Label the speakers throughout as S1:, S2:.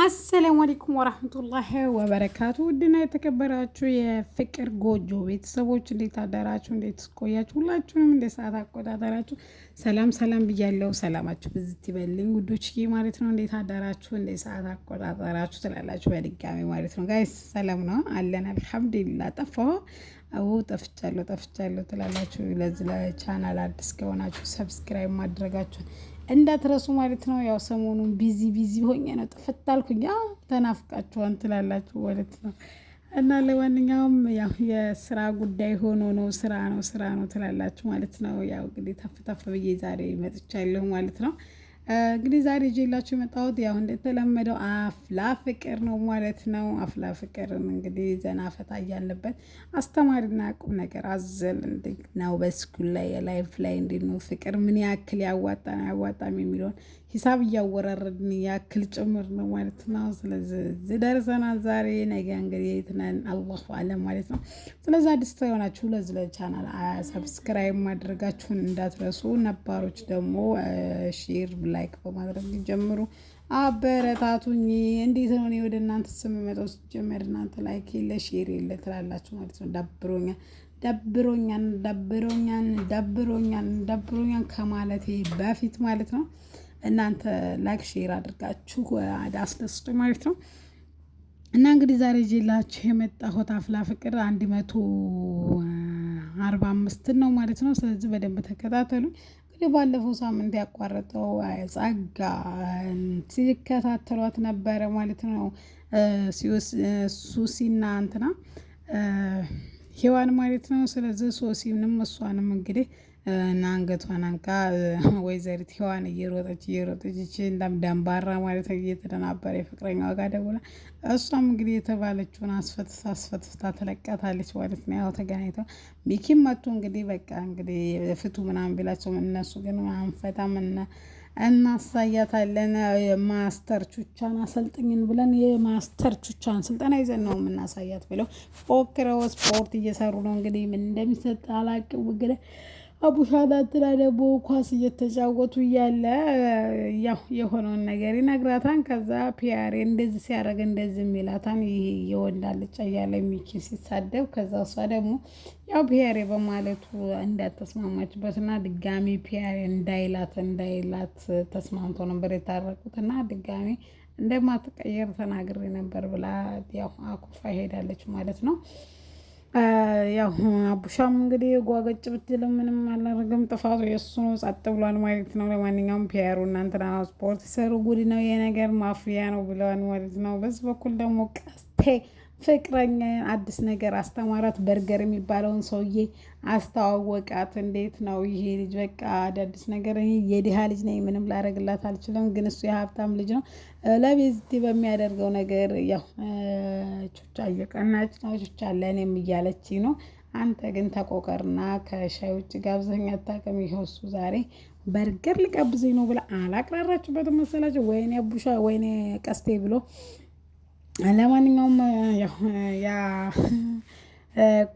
S1: አሰላሙ አለይኩም ወራህመቱላሂ ወበረካቱ። ውድና የተከበራችሁ የፍቅር ጎጆ ቤተሰቦች እንዴት አዳራችሁ? እንዴት ቆያችሁ? ሁላችሁንም እንደ ሰዓት አቆጣጠራችሁ ሰላም ሰላም ብያለሁ። ሰላማችሁ ብዝት ይበልኝ ውዶችዬ ማለት ነው። እንዴት አዳራችሁ? እንደ ሰዓት አቆጣጠራችሁ ትላላችሁ በድጋሚ ማለት ነው። ጋይስ ሰላም ነው አለን አልሐምዱሊላህ። ጠፋሁ አዎ ጠፍቻለሁ ጠፍቻለሁ ትላላችሁ። ለዚህ ለቻናል አዲስ ከሆናችሁ ሰብስክራይብ ማድረጋችሁን እንዳትረሱ ማለት ነው። ያው ሰሞኑን ቢዚ ቢዚ ሆኜ ነው ጥፍት አልኩኝ። ተናፍቃችኋን ትላላችሁ ማለት ነው። እና ለማንኛውም ያው የስራ ጉዳይ ሆኖ ነው ስራ ነው ስራ ነው ትላላችሁ ማለት ነው። ያው እንግዲህ ተፍ ተፍ ብዬ ዛሬ መጥቻለሁ ማለት ነው። እንግዲህ ዛሬ ይዤላችሁ የመጣሁት ያው እንደተለመደው አፍላ ፍቅር ነው ማለት ነው። አፍላ ፍቅርን እንግዲህ ዘና ፈታ እያለበት አስተማሪና ቁም ነገር አዘል ነው በስኩል ላይ የላይፍ ላይ እንዴት ነው ፍቅር ምን ያክል ያዋጣ አያዋጣም የሚለውን ሂሳብ እያወራረድን ያክል ጭምር ነው ማለት ነው። ስለዚህ ደርሰናል ዛሬ ነገ እንግዲህ የትነን አላሁ አለም ማለት ነው። ስለዚህ አዲስ የሆናችሁ ለዚህ ለቻናል ሰብስክራይብ ማድረጋችሁን እንዳትረሱ፣ ነባሮች ደግሞ ሼር ላይ ላይክ በማድረግ ጀምሩ፣ አበረታቱኝ። እንዴት ነው እኔ ወደ እናንተ ስመጣው ስጀመር እናንተ ላይክ የለ ሼር የለ ትላላችሁ ማለት ነው። ዳብሮኛል ዳብሮኛል ዳብሮኛል ዳብሮኛል ዳብሮኛል ከማለቴ በፊት ማለት ነው እናንተ ላይክ ሼር አድርጋችሁ አስደስቶ ማለት ነው። እና እንግዲህ ዛሬ ጄላችሁ የመጣሁት አፍላ ፍቅር አንድ መቶ አርባ አምስትን ነው ማለት ነው። ስለዚህ በደንብ ተከታተሉኝ። የባለፈው ሳምንት ያቋረጠው ጸጋ ሲከታተሏት ነበረ ማለት ነው። ሱሲና እንትና ሄዋን ማለት ነው። ስለዚህ ሶሲንም እሷንም እንግዲህ እና አንገቷን አንቃ ወይዘሪት ሄዋን እየሮጠች እየሮጠች ይች እንዳም ዳምባራ ማለት እየተደናበረ የፍቅረኛዋ ጋር ደውላ እሷም እንግዲህ የተባለችውን አስፈትስ አስፈትፍታ ተለቀታለች ማለት ነው። ያው ተገናኝተው ሚኪም መቶ እንግዲህ በቃ እንግዲህ ፍቱ ምናምን ቢላቸው እነሱ ግን አንፈታም እና እናሳያታለን። የማስተር ቹቻን አሰልጥኝን ብለን የማስተር ቹቻን ስልጠና ይዘን ነው የምናሳያት ብለው ፎክረው ስፖርት እየሰሩ ነው። እንግዲህ ምን እንደሚሰጥ አላቅም እንግዲህ አቡሻላ ትላ ደግሞ ኳስ እየተጫወቱ እያለ ያው የሆነውን ነገር ይነግራታን። ከዛ ፒያሬ እንደዚህ ሲያደርግ እንደዚህ የሚላታን ይሄ የወንድ አልጫ እያለ ሚኪ ሲሳደብ፣ ከዛ እሷ ደግሞ ያው ፒያሬ በማለቱ እንዳተስማማችበትና ድጋሚ ፒያሬ እንዳይላት እንዳይላት ተስማምቶ ነበር የታረቁትና ድጋሚ እንደማትቀየር ተናግሬ ነበር ብላ ያው አኩፋ ይሄዳለች ማለት ነው። ያው አቡሻም እንግዲህ ጓገጭ ብትል ምንም አላደርግም። ጥፋቱ የእሱ ነው፣ ጸጥ ብሏል ማለት ነው። ለማንኛውም ፒያሩ እናንትና ስፖርት ሰሩ ጉድ ነው የነገር ማፍያ ነው ብለዋል ማለት ነው። በዚህ በኩል ደግሞ ቀስቴ ፍቅረኛ አዲስ ነገር አስተማራት። በርገር የሚባለውን ሰውዬ አስተዋወቃት። እንዴት ነው ይሄ ልጅ? በቃ አዳዲስ ነገር የድሃ ልጅ ነኝ፣ ምንም ላረግላት አልችልም፣ ግን እሱ የሀብታም ልጅ ነው። ለቤዝቲ በሚያደርገው ነገር ያው ቹቻ እየቀናች ነው። ቹቻ ለእኔም እያለች ነው። አንተ ግን ተቆቀርና ከሻይ ውጭ ጋብዘኛ አታውቅም። ይኸው እሱ ዛሬ በርገር ሊቀብዘኝ ነው ብላ አላቅራራችሁበትም መሰላቸው። ወይኔ ቡሻ፣ ወይኔ ቀስቴ ብሎ ለማንኛውም ያ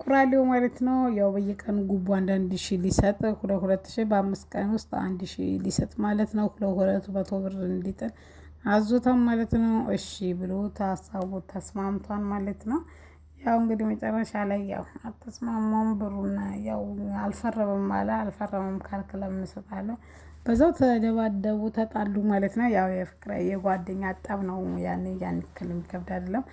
S1: ቁራሌው ማለት ነው ያው በየቀኑ ጉቦ አንዳንድ ሺ ሊሰጥ ሁለት ሁለት ሺ በአምስት ቀን ውስጥ አንድ ሺ ሊሰጥ ማለት ነው። ሁለት ሁለቱ መቶ ብር እንዲጥል አዞታም ማለት ነው። እሺ ብሎ ታሳቡ ተስማምቷን ማለት ነው። ያው እንግዲህ መጨረሻ ላይ ያው አልተስማማም ብሩና ያው አልፈረምም አለ። አልፈረምም ካልክ ለምን እሰጣለሁ በዛው ተደባደቡ ተጣሉ ማለት ነው። ያው የፍቅረ የጓደኛ ጠብ ነው። ያን ያን ክል የሚከብድ አይደለም።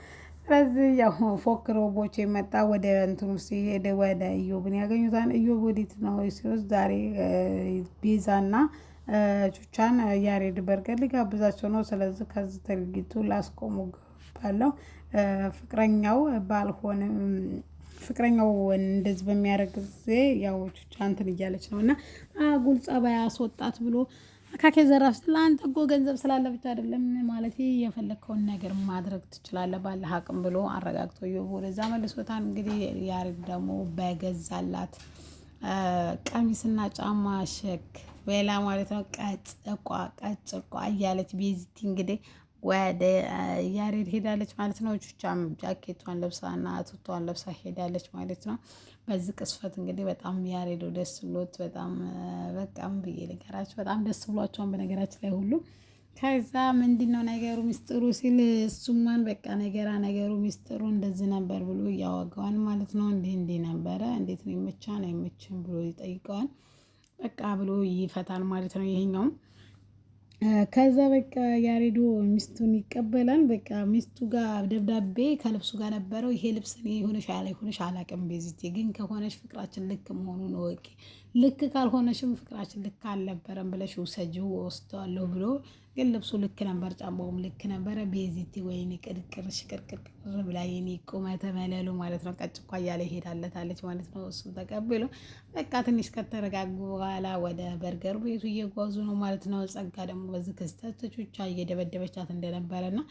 S1: ስለዚህ ያው ፎክሮ ቦቼ የመጣ ወደ እንትኑ ሲሄድ ወደ እዮብን ያገኙታል። እዮብ ወዴት ነው ሲወስ ዛሬ ቤዛና ቹቻን ያሬድ በርገር ሊጋብዛቸው ነው። ስለዚህ ከዚ ድርጊቱ ላስቆሙ ባለው ፍቅረኛው ባልሆንም ፍቅረኛው እንደዚህ በሚያደርግ ጊዜ ያው እንትን እያለች ነው እና አጉል ጸባይ አስወጣት ብሎ አካኬ ዘራፍ ስለ አንተ እኮ ገንዘብ ስላለ ብቻ አይደለም ማለት የፈለግከውን ነገር ማድረግ ትችላለህ ባለ አቅም ብሎ አረጋግቶ ወደዛ መልሶታን። እንግዲህ ያሬድ ደግሞ በገዛላት ቀሚስና ጫማ ሸክ ሌላ ማለት ነው ቀጭቋ ቀጭቋ እያለች ቤዚቲ እንግዲህ ወደ ያሬድ ሄዳለች ማለት ነው። ቹቻም ጃኬቷን ለብሳ እና ቱቷን ለብሳ ሄዳለች ማለት ነው። በዚህ ቅስፈት እንግዲህ በጣም ያሬዶ ደስ ብሎት በጣም በጣም ብዬ ነገራቸው በጣም ደስ ብሏቸውን በነገራችን ላይ ሁሉ ከዛ ምንድን ነው ነገሩ ሚስጥሩ ሲል እሱማን በቃ ነገራ ነገሩ ሚስጥሩ እንደዚህ ነበር ብሎ እያዋገዋል ማለት ነው። እንዲህ እንዲህ ነበረ እንዴት ነው የመቻ ነው የመችን ብሎ ይጠይቀዋል። በቃ ብሎ ይፈታል ማለት ነው ይሄኛውም ከዛ በቃ ያሬዶ ሚስቱን ይቀበላል። በቃ ሚስቱ ጋር ደብዳቤ ከልብሱ ጋር ነበረው። ይሄ ልብስ እኔ ሆነሽ አላቅም፣ ቤዝቼ ግን ከሆነሽ ፍቅራችን ልክ መሆኑን ወቂ ልክ ካልሆነሽም ፍቅራችን ልክ አልነበረም ብለሽ ውሰጂ ወስደዋለሁ ብሎ ግን ልብሱ ልክ ነበር፣ ጫማውም ልክ ነበረ። ቤዚቲ ወይኔ ቅርቅር ሽቅርቅር ብላ የኔ ቁመተ መለሉ ማለት ነው። ቀጭቋ እያለ ይሄዳለታለች ማለት ነው። እሱም ተቀብሎ በቃ ትንሽ ከተረጋጉ በኋላ ወደ በርገር ቤቱ እየጓዙ ነው ማለት ነው። ጸጋ ደግሞ በዚህ ክስተት ቹቻ እየደበደበቻት እንደነበረ እና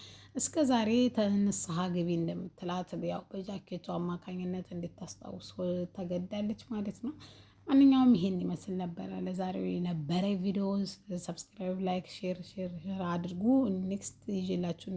S1: እስከ ዛሬ ተንስሐ ግቢ እንደምትላት ያው በጃኬቱ አማካኝነት እንድታስታውስ ተገዳለች ማለት ነው። ማንኛውም ይሄን ይመስል ነበረ ለዛሬው የነበረ ቪዲዮ። ሰብስክራይብ፣ ላይክ፣ ሼር ሼር አድርጉ። ኔክስት ይዤላችሁ